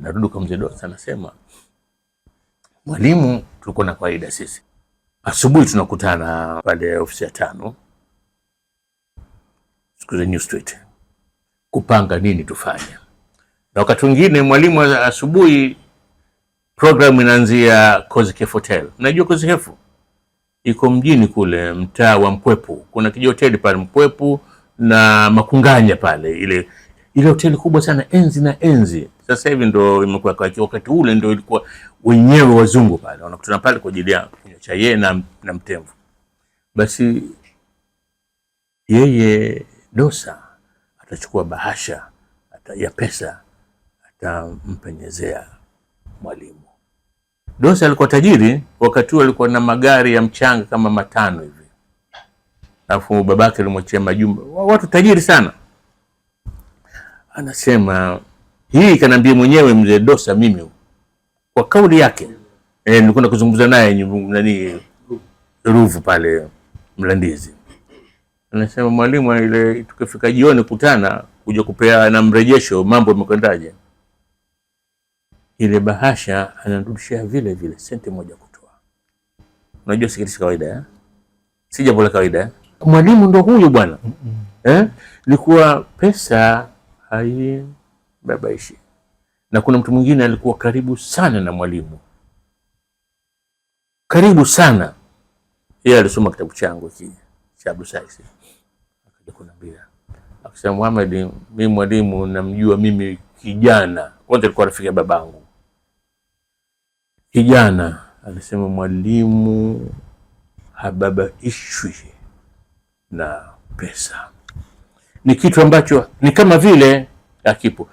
Narudi kwa mzee Dorothy anasema, mwalimu, tulikuwa na kawaida sisi asubuhi tunakutana pale ofisi ya tano Sikuze New Street kupanga nini tufanye, na wakati mwingine mwalimu asubuhi programu inaanzia Kozikef Hotel. Mnajua Kozikef iko mjini kule mtaa wa Mpwepu, kuna kijihoteli pale Mpwepu na Makunganya pale, ile ile hoteli kubwa sana enzi na enzi sasa hivi ndo imekuwa kwa wakati ule ndo ilikuwa wenyewe wazungu pale wanakutana pale kwa ajili ya kunywa chai yeye na, na Mtemvu. Basi yeye Dosa atachukua bahasha ata, ya pesa atampenyezea Mwalimu. Dosa alikuwa tajiri wakati huo, alikuwa na magari ya mchanga kama matano hivi, alafu babake alimwachia majumba, watu tajiri sana, anasema hii kanambia mwenyewe mzee Dosa mimi kwa kauli yake. Eh, nilikwenda kuzungumza naye nani Ruvu pale Mlandizi. Anasema mwalimu, ile tukifika jioni kutana kuja kupea na mrejesho mambo yamekwendaje. Ile bahasha anarudishia vile vile senti moja kutoa. Unajua si kawaida eh? Si jambo la kawaida eh? Mwalimu ndo huyu bwana. Mm -mm. Eh? Likuwa pesa hai babaishi. Na kuna mtu mwingine alikuwa karibu sana na Mwalimu, karibu sana yeye. Alisoma kitabu changu hiki cha Abdul Saisi, akaja kuniambia akasema, Muhammad, mimi Mwalimu namjua mimi kijana. Kwanza alikuwa rafiki ya babangu kijana, alisema Mwalimu hababaishwi na pesa, ni kitu ambacho ni kama vile akipo